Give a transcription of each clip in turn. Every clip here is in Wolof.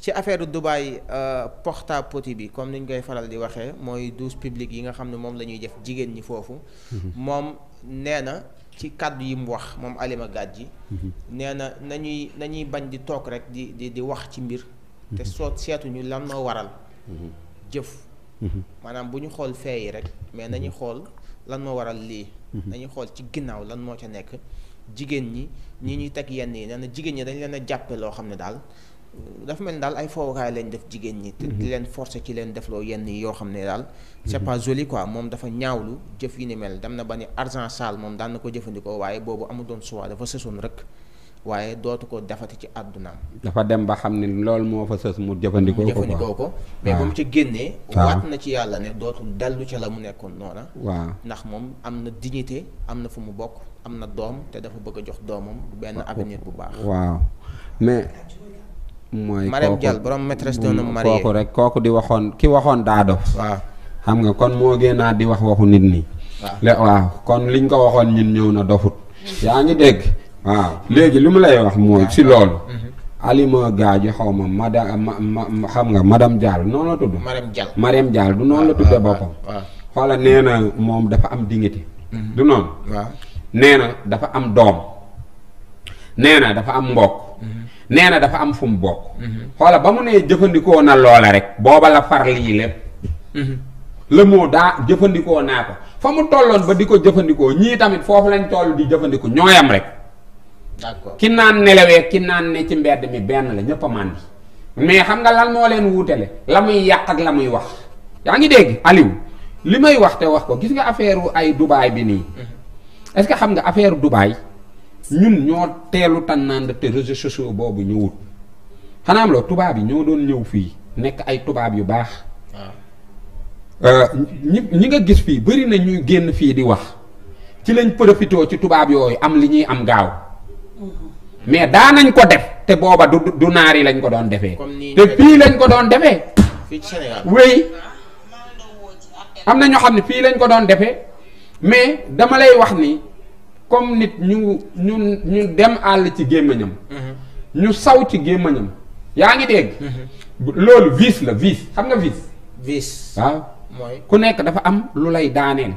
ci affaire Dubaay euh, porta poti bi comme ni ñu koy faral di waxee mooy douze publique yi nga xam ne moom lañuy ñuy def jigéen ñi foofu. Mm-hmm. moom nee na ci kàddu yi mu wax moom Alima ji mm-hmm. nee na nañuy nañuy bañ di toog rek di di di wax ci mbir. Mm-hmm. te soo seetuñu lan moo waral. jëf. maanaam bu ñu xool fee rek mais na nañu xool lan moo waral lii. nañu xool ci ginnaaw lan moo ca nekk jigéen ñi ñi ñuy teg yenn yi nee na jigéen ñi dañu leen a jàppe loo xam ne daal. dafa mel ni daal ay foowukaay lañ def jigéen ñi. te mhm. leen forcer ci leen defloo yenn yi yoo xam ne daal. Mhm. c'est pas joli quoi moom dafa ñaawlu jëf yi ni mel dem na ba ni argent sale moom daan na ko jëfandikoo waaye boobu amutoon choix dafa sësoon rek waaye dootu ko defati ci àddunaam. dafa dem ba xam ne loolu moo fa sës mu jëfandikoo ko jëfandikoo ko mais ba mu ci génnee. waat na ci yàlla ne dootul dellu ca la mu nekkoon noona. waaw ndax moom am na dignité am na fu mu bokk am na doom te dafa bëgg a jox doomam benn avenir bu baax. mooy kooku borom maîtresse d'un homme marié kooku rek kooku di waxoon ki waxoon daa dof xam nga kon moo génnaat di wax waxu nit ñi. waaw kon liñ ko waxoon ñun ñëw na dofut. yaa ngi dégg. waaw léegi li mu lay wax mooy si loolu. Mhm. Alima Gaajo xaw ma madame ma xam nga madame Dial noonu la tudd. Marème Dial du noonu la tuddee boppam. xoola nee na moom dafa am dignité. Mhm. du noonu. nee na dafa am doom. nee na dafa am mbokk. nee na dafa am fu mu bokk. Mhm. xoola ba mu nee jëfandikoo na loola rek booba la far lii lépp. Mhm. le mot daa jëfandikoo naa ko fa mu tolloon ba di ko jëfandikoo ñii tamit foofu lañ toll di jëfandiku ñooyam rek. d'accord ki naan nelawee ki naan ne ci mbedd mi benn la ñëpp a màndi mais xam nga lan moo leen wuutale la muy yàq ak la muy wax. yaa ngi dégg Aliou li may wax te wax ko gis nga affaire ay Dubaay bi nii. Mhm. est-ce que xam nga affaire Dubaay. ñun ñoo teelu tànnand te réseaux sociaux boobu ñëwul xanaa am loo tubaab yi ñoo doon ñëw fii nekk ay tubaab yu baax. Ah. Euh, ñi ñi nga gis fii bëri na ñuy génn fii di wax ci lañ profité ci tubaab yooyu am li ñuy am gaaw mm-hmm. mais daanañ ko def te booba du du naar yi lañ ko doon defee. te fii lañ ko doon defee. fii ci Sénégal am na ñoo xam ne fii lañ ko doon defee mais dama lay wax ni. comme nit ñu ñu ñu dem àll ci gémmañam mm-hmm. ñu saw ci gémmañam yaa ngi dégg mm-hmm. loolu vice la vice xam nga vice vice waaw mooy ku nekk dafa am lu lay daaneel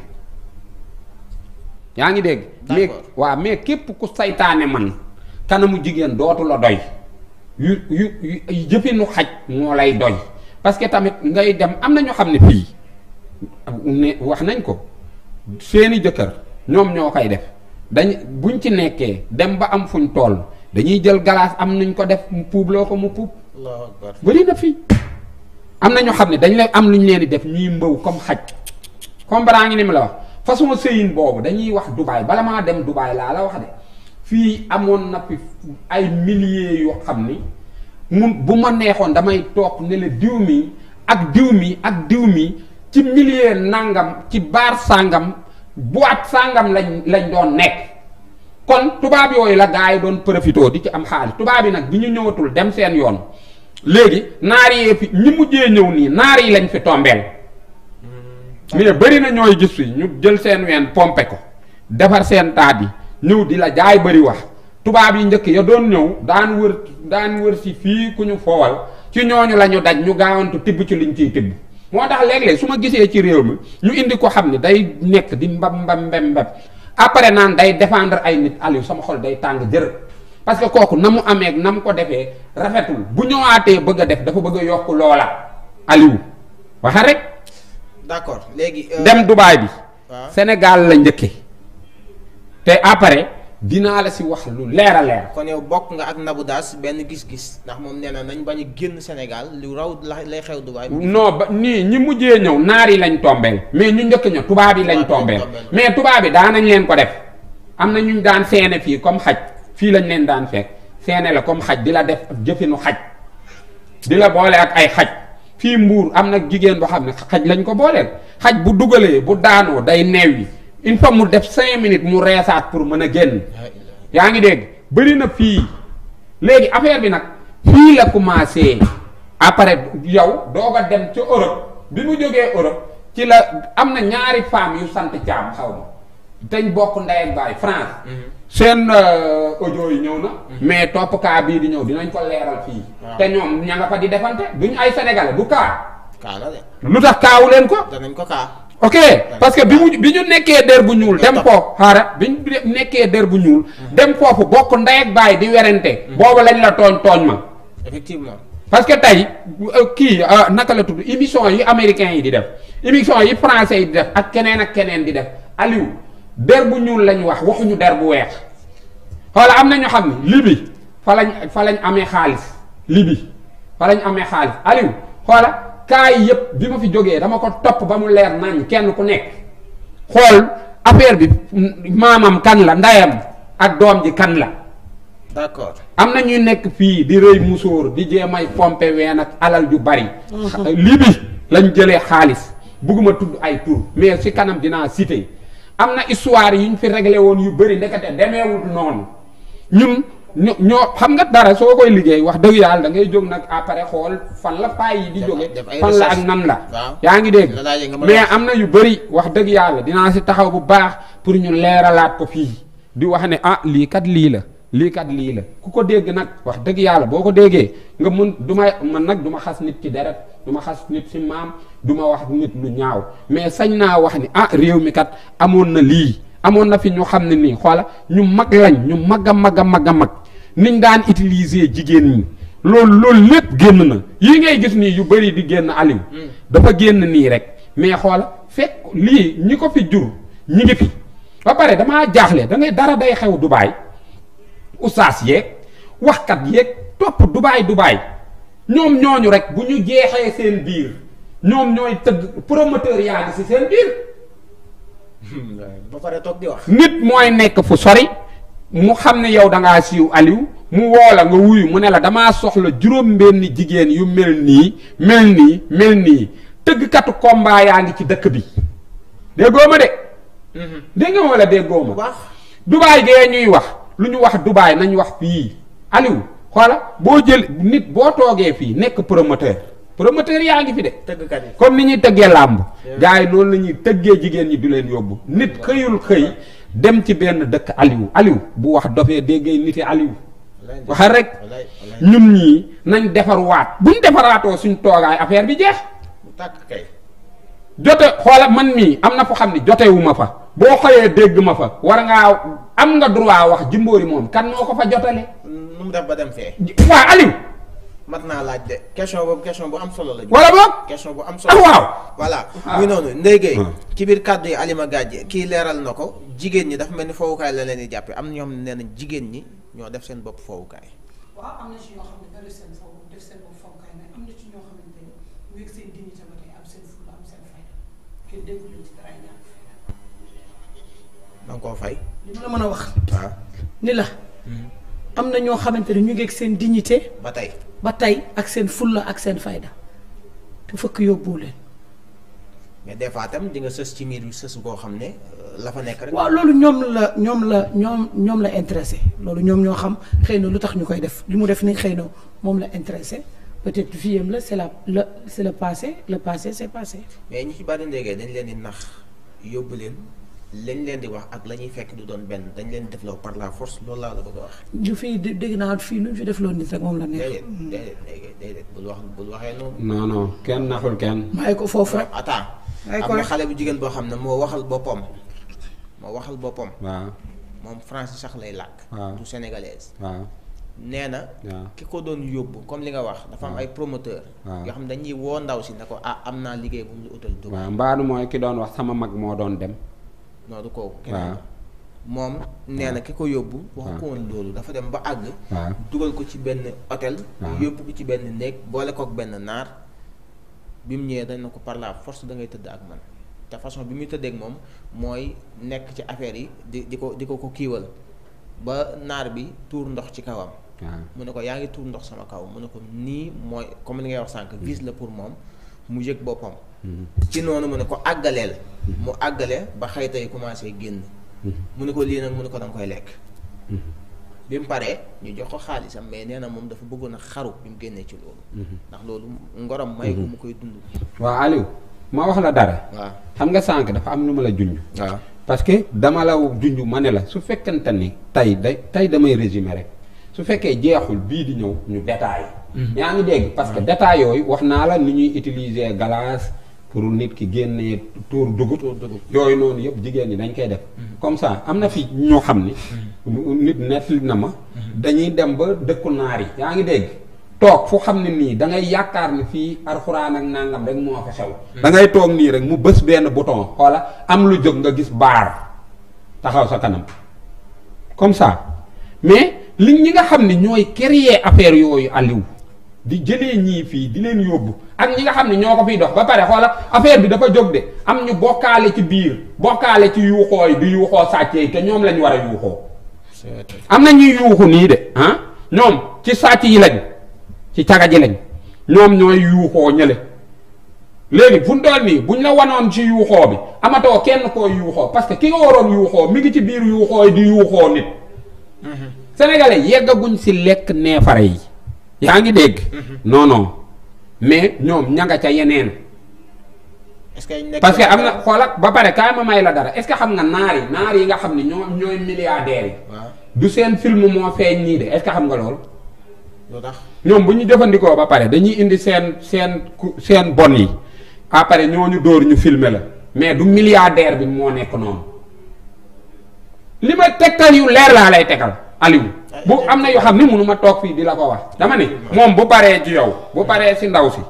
yaa ngi dégg mais waaw mais képp ku seytaane man kanamu jigéen dootu la doy yu yu jëfinu xaj moo lay doy parce que tamit ngay dem am na ñoo xam ne fii wax nañ ko seeni jëkkër ñoom ñoo koy def dañ buñ ci nekkee dem ba am fuñ toll dañuy jël galaas am nañ ko def mu loo ko mu puub bëri na fii am na ñoo xam ne dañ la am lu ñu leen di def ñuy mbaw comme xaj comprend ngi ni mu la wax façon sëyin boobu dañuy wax Dubaay bala maa dem Dubaay laa la wax de fii amoon na fi ay milliers yoo xam ni mu bu ma neexoon damay toog ne la diw mi ak diw mi ak diw mi ci milliers nangam ci baar sàngam boîte sàngam lañ lañ doon nekk kon tubaab yooyu la gars yi doon profité di ci am xaalis tubaab yi nag bi ñu ñëwatul dem seen yoon léegi naar yee fi ñi mujjee ñëw nii naar yi lañ fi tombeel mais hmm. bari na ñooy gis fi ñu jël seen ween pompe ko defar seen taat yi ñëw di la jaay bari wax tubaab yi njëkk ya doon ñëw daan wër daan wër si fii ku ñu foowal ci ñoo la ñu daj ñu gaawantu tibb ci liñ ciy tibb moo tax léeg-léeg su ma gisee ci réew mi ñu indi ko xam ne day nekk di mbam mbam mbem mbem après naan day défendre ay nit Aliou sama xol day tàng jër parce que kooku na mu amee na mu ko defee rafetul bu ñëwaatee bëgg a def dafa bëgg a yokk loola Aliou waxa rek. d'accord léegi. Euh, dem Dubaay bi. Sénégal la njëkke te après. dinaa la si wax lu leer a leer. kon yow bokk nga ak Nabou daas benn gis-gis ndax moom nee na nañ bañ a génn Sénégal lu raw lay xew Dubaay. noo ba nii ñi mujjee ñëw naar yi lañ tombeel mais ñu njëkk ña tubaab yi lañ tombeel mais tubaab yi daan nañ leen ko def am na ñu daan seene fii comme xaj fii lañ leen daan fekk seene la comme xaj di la def jëfinu xaj di la boole ak ay xaj fii mbuur am na jigéen boo xam ne xaj lañ ko booleel xaj bu dugalee bu daanoo day neew yi il faut mu def cinq minutes mu reesaat pour mën a génn yaa ngi dégg bëri na fii léegi affaire bi nag fii la commencé après yow doog a dem ca Europe bi mu jógee Europe ci la am na ñaari femmes yu sant Thiam xaw ma dañ bokk ndey ak baay France mhm. seen euh, audio yi ñëw na mhm. mais topp kaa bii di ñëw dinañ ko leeral fii te ñoom ña nga fa di defante duñ ay sénégalais du kaa lu tax kaawu leen ko ok parce que bi mu bi ñu nekkee der bu ñuul dem foofu xaara bi ñu nekkee der bu ñuul dem foofu bokk ndey ak baay di werante boobu lañ la tooñ tooñ ma effectivement parce que tey euh, kii euh, naka la tudd émission yi américains yi di def émission yi français yi di def ak keneen ak keneen di def Aliou der bu ñuul lañu wax waxuñu der bu weex xoola am na ñu xam ne libi fa lañ fa lañ amee xaalis libi fa lañ amee xaalis Aliou xoola kaay yëpp bi ma fi jógee dama ko topp ba mu leer nañ kenn ku nekk xool affaire bi maamam kan la ndayam ak doom ji kan la. d'accord am na ñuy nekk fii di rëy musóor di jéem ay pompe ween ak alal ju bari. lii bi lañ jëlee xaalis bugguma tudd ay tur mais ci kanam dinaa cité am na histoire yu ñu fi réglé woon yu bëri ndekete demeewul noonu ñun. ño ñoo xam nga dara soo koy liggéey wax dëgg yàlla da ngay jóg nag après xool fan la pay yi di jóge fan la ak nan la yaa ngi dégg mais am na yu bëri wax dëgg yàlla dinaa si taxaw bu baax pour ñu leeralaat ko fii di wax ne ah lii kat lii la lii kat lii la ku ko dégg nag wax dëgg yàlla boo ko déggee nga mun du ma man nag du ma xas nit ci deret du ma xas nit si maam du ma wax nit lu ñaaw mais sañ naa wax ni ah réew mi kat amoon na lii amoon na fi ñu xam ne nii xoola ñu mag lañ ñu mag a mag niñ daan utiliser jigéen ñi loolu loolu lépp génn na yi ngay gis nii yu bëri di génn Aliou. Hmm. dafa génn nii rek mais xool fekk lii ñi ko fi jur ñi ngi fi ba pare damaa jaaxle dangay dara day xew Dubaay ustaas yeeg waxkat yeeg topp Dubaay Dubaay ñoom ñooñu rek bu ñu jeexee seen biir ñoom ñooy tëgg promoteur yaa ngi si seen biir. toog di wax. nit mooy nekk fu sori. mu xam ne yow da ngaa siiw Aliou mu woo nga wuyu mu ne la damaa soxla juróom-benn jigéen yu mel nii mel nii mel nii tëggkatu combat yaa ngi ci dëkk bi déggoo ma de. Mhm. dégg nga wala déggoo ma. Dubaay gee ñuy wax lu ñu wax Dubaay nañ wax fii Aliou xoola boo jël nit boo toogee fii nekk promoteur promoteur yaa ngi fi de. tëggkat yi comme ni ñuy tëggee làmb. gars yi noonu la ñuy tëggee jigéen ñi du leen yóbbu. nit xëyul xëy. dem ci benn dëkk Aliou Aliou bu wax dofee dégg niti Aliou waxal rek ñun ñii nañ defarwaat buñ defaraatoo suñ toogaay affaire bi jeex tàkk kay jote xoola man mii am na foo xam ne jotewu fa boo xëyee dégg ma fa war ngaa am nga droit wax jimboori moom kan moo ko fa jotale nu mu ba dem fee mat naa laaj de question boobu question bu am solo la. wala boog question bu am ah, solo. waaw voilà. Ah. muy noonu ndéygéey hmm. ci biir kàddu yi Alima gàjj kii leeral na ko jigéen ñi dafa mel ni fowukaay la leen di jàppee am ñoom nee nañ jigéen ñi ñoo def seen bopp fowukaay. waaw am na fay mën a wax. Ah. ni la. Hmm. am na ñoo xamante ne ñu ngeeg seen dignité. ba tey ba tey ak seen fulla ak seen fayda bu fëkk yóbbu leen. mais des fois tam di nga sës ci miir sësu boo xam ne euh, la fa nekk rek. waaw loolu ñoom la ñoom la ñoom ñoom la intéressé loolu ñoom ñoo xam xëy na lu tax ñu koy def li mu def nii xëy na moom la intéressé peut-être fii am la c'est la la c'est le passé le passé c'est passé. mais ñi ci bari léegi dañ leen di nax yóbbu leen. lañ leen di wax ak lañuy fekk du doon benn dañ leen defloo par la force loolu laa la bëgg a wax. ju fii dégg naa fii lu ñu fi def defloo nit rek moom la neex. déedéet déedéet waxee noonu. non non kenn naxul kenn. ko foofu rek am xale bu jigéen boo xam ne moo waxal boppam moo waxal boppam. moom français sax lay làkk. waaw nee na. ki ko doon yóbbu comme li nga wax. dafa am ay promoteur yoo xam dañuy woo ndaw si ne ko ah am naa liggéey bu mu utal. waaw mbaanu mooy ki doon wax sama mag moo doon dem. non du moom nee na ki ko yóbbu. wax ko woon loolu dafa dem ba àgg. dugal ko ci benn hôtel. yóbbu ko ci benn néeg boole kook benn naar. bi mu ñëwee dañ na ko par la force da ngay tëdd ak man te façon bi muy tëddeek moom mooy nekk ci affaire yi di di ko di ko ko kiiwal ba naar bi tuur ndox ci kawam. mu ne ko yaa ngi tuur ndox sama kaw mu ne ko nii mooy comme li ngay wax sànq. vis la pour moom mu yëg boppam. ci noonu mu ne ko àggaleel mu àggale ba xayta yi commencé génn mm-hmm. mu ne ko lii nag mu ne ko danga koy lekk mm-hmm. bi mu paree ñu jox ko xaalisam mais nee na moom dafa bëggoon a xaru bi mu génnee ci loolu mm-hmm. ndax loolu ngorom may ko mu koy dund waaw Aliou ma wax la dara waaw xam nga sànq dafa am lu ma la junj waaw parce que dama la junj ma ne la su fekkente ni tey day tey damay résumé rek su fekkee jeexul bii di ñëw ñu détaillé yaa ngi dégg parce que wax naa pour nit ki génnee tuur dugub. yooyu noonu yëpp jigéen ñi dañ koy def. Mm-hmm. comme ça am na fi ñoo xam ni. Mm-hmm. nit nettali na ma. Mm-hmm. dañuy dem ba dëkku naar yi yaa ngi dégg. toog fu xam ne nii da ngay yaakaar ni fii arxuraan ak nangam rek moo fa xew. da ngay toog nii rek mu bës benn bouton xoola am lu jóg nga gis baar taxaw sa kanam comme ça mais li ñi nga xam ne ñooy créer affaire yooyu Aliou. di jëlee ñii fii di leen yóbbu ak ñi nga xam ne ñoo ko fiy dox ba pare xoola affaire bi dafa jóg de am ñu bokkaale ci biir bokkaale ci yuuxoo yi di yuuxoo sàcce yi ñoom lañ war a yuuxoo am na ñuy yuuxu nii de ah, ñoom ci sàcc yi lañ ci caga ji lañ yuuxoo ñële léegi fu dool nii buñ la wanoon ci yuuxoo bi amatoo kenn koo yuuxoo parce que ki nga waroon yuuxoo mi ngi ci biir yuuxoo yi di yuuxoo nit mm-hmm. sénégalais yeggaguñ si lekk neefare yi yaa ngi dégg. Mm-hmm. non mais ñoom ñanga ca yeneen. est-ce que parce que am na xoolal ba pare kaay ma may la dara est-ce que xam nga naar yi naar yi nga xam ne ñoom ñooy milliardaires yi. du seen film moo feeñ nii de est xam nga loolu. lu tax ñoom bu ñu jëfandikoo ba pare dañuy indi seen seen seen bon yi ñoo ñooñu dóor ñu filmer la mais du milliardaire bi moo nekk noonu. li ma tegtal yu leer laa lay tegal. Aliou bu am na yoo xam ne mënu ma toog fii di la ko wax dama ne moom bu paree ci yow bu paree si ndaw si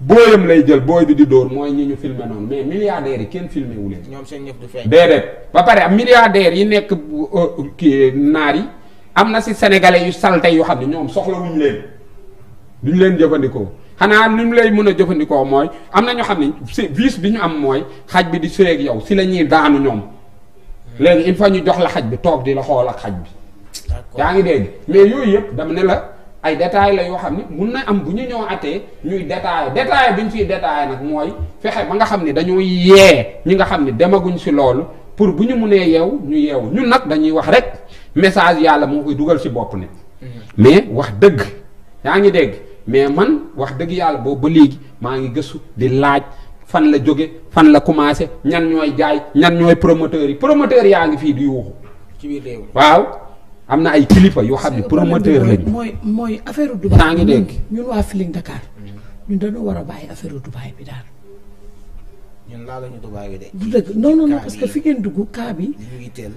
booyam lay jël booy bi di dóor mooy ñu ñu filmé noonu mais milliardaires yi kenn filmé wu leen. seen ñëf du feeñ. déedéet ba pare milliardaires yi nekk euh, kii naar yi am na si sénégalais yu salte yoo xam ne ñoom soxlawuñu leen duñ leen jëfandikoo xanaa ni mu lay mun a jëfandikoo mooy am na ñoo xam ne si bi ñu am mooy xaj bi di suyeeg yow si la ñuy daanu ñoom hmm. léegi il faut ñu jox la xaj bi toog di la xool xaj bi. yaa ngi dégg mais yooyu yëpp dama ne la ay détails la yoo xam ne mun na am bu ñu ñëw atee ñuy détaillé détaillé bi ñu ciy détaillé nag mooy fexe ba nga xam ni dañoo yee ñi nga xam ne demaguñu si loolu pour bu ñu munee yeew ñu yeewu ñun nag dañuy wax rek message yàlla moo koy dugal si bopp ne mm-hmm. mais wax dëgg yaa ngi dégg mais man wax dëgg yàlla boobu ba léegi maa ngi gëstu di laaj fan la jóge fan la commencé ñan ñooy jaay ñan ñooy promoteurs yi promoteurs yaa ngi fii di yuuxu ci biir am na ay kilifa yoo xam ne promoteur lañ. mooy mooy affaire Dubaï. daa ngi dégg ñun waa Feeling Dakar. ñun dañoo war a bàyyi affaire Dubaï bi daal. ñun laaluñu Dubaï bi de. du dëgg non non non parce que fi ngeen dugg kaa bi.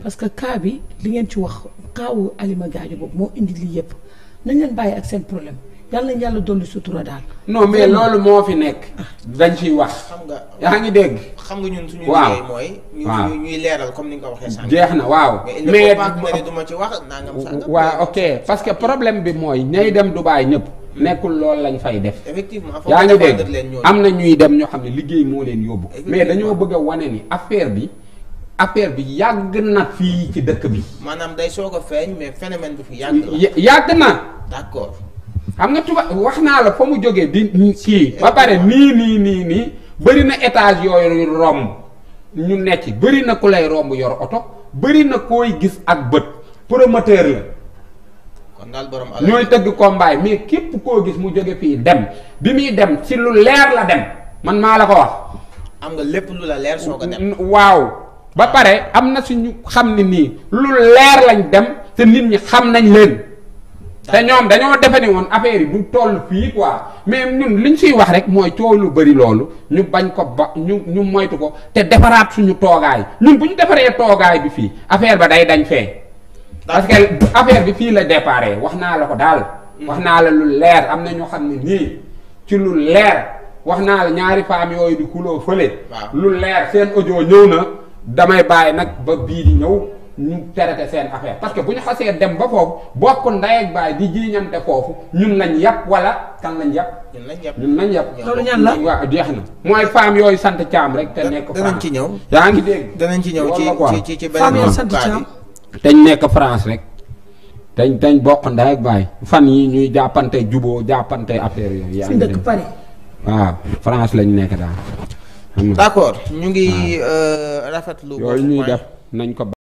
parce que kaa bi li ngeen ci wax kaawu Alima Gadio boobu moo indi lii yëpp nañ leen bàyyi ak seen problème. yal nañu yàlla dolli sutura daal. non mais loolu moo fi nekk. dañ ciy wax. xam nga yaa ngi dégg. xam nga ñun suñu liggéey mooy. waaw ñuy leeral comme ni nga ko waxee jeex na waaw mais duma ci wax nangam sàngam. waaw ok parce que problème bi mooy ñay dem Dubaay ñëpp. nekkul loolu lañ fay def. effectivement yaa ngi dégg am na ñuy dem ñoo xam ne liggéey moo leen yóbbu. mais dañoo bëgg a wane ni affaire bi. affaire bi yàgg na fii ci dëkk bi. maanaam day soog a mais phénomène bi fi yàgg na. yàgg am nga tuba wax naa la fa mu jógee di sii ba pare nii nii nii nii bëri na etaas yooyu romb ñu necc bëri na ku lay romb yor oto bëri na koy gis ak bët promoteur la kon daal borom alal ñooy tëgg combat mais képp koo gis mu jóge fii dem bi muy dem ci lu leer la dem man maa la ko wax. am nga lépp lu la leer soo ko dem. waaw ba pare am na ñu xam ni nii lu leer lañ dem te nit ñi xam nañ leen. te ñoom dañoo defe ni woon affaire yi du toll fii waa mais ñun li ñu siy wax rek mooy coow lu bëri loolu ñu bañ ko ba ñu ñu moytu ko te defaraat suñu toogaay ñun bu ñu defaree toogaay bi fii affaire ba day dañ fee. parce que bi fii la déparé wax naa la ko daal. wax naa la lu leer am na ñoo xam ne nii ci lu leer wax naa la ñaari femmes yooyu di kuloo fële. lu leer seen audio ñëw na damay bàyyi nag ba bii di ñëw. ñu traité seen affaire parce que bu ñu xasee dem ba foofu bokk ndey ak baay di jiiñante foofu ñun lañ yàpp wala kan lañ yàpp. ñun lañ yàpp jeex na. mooy femmes yooyu sant caam rek. te nekk France danañ ci ñëw. yaa ngi dégg ci ñëw ci ci ci beneen. femmes sant caam te ñu nekk France rek. dañ dañ bokk ndaay ak baay fan yi ñuy jàppante juboo jàppante affaire yooyu. yaa ngi dëkk Paris. waaw France lañ nekk daal. d' accord ñu ngi euh, rafetlu. yooyu ñuy def nañ ko.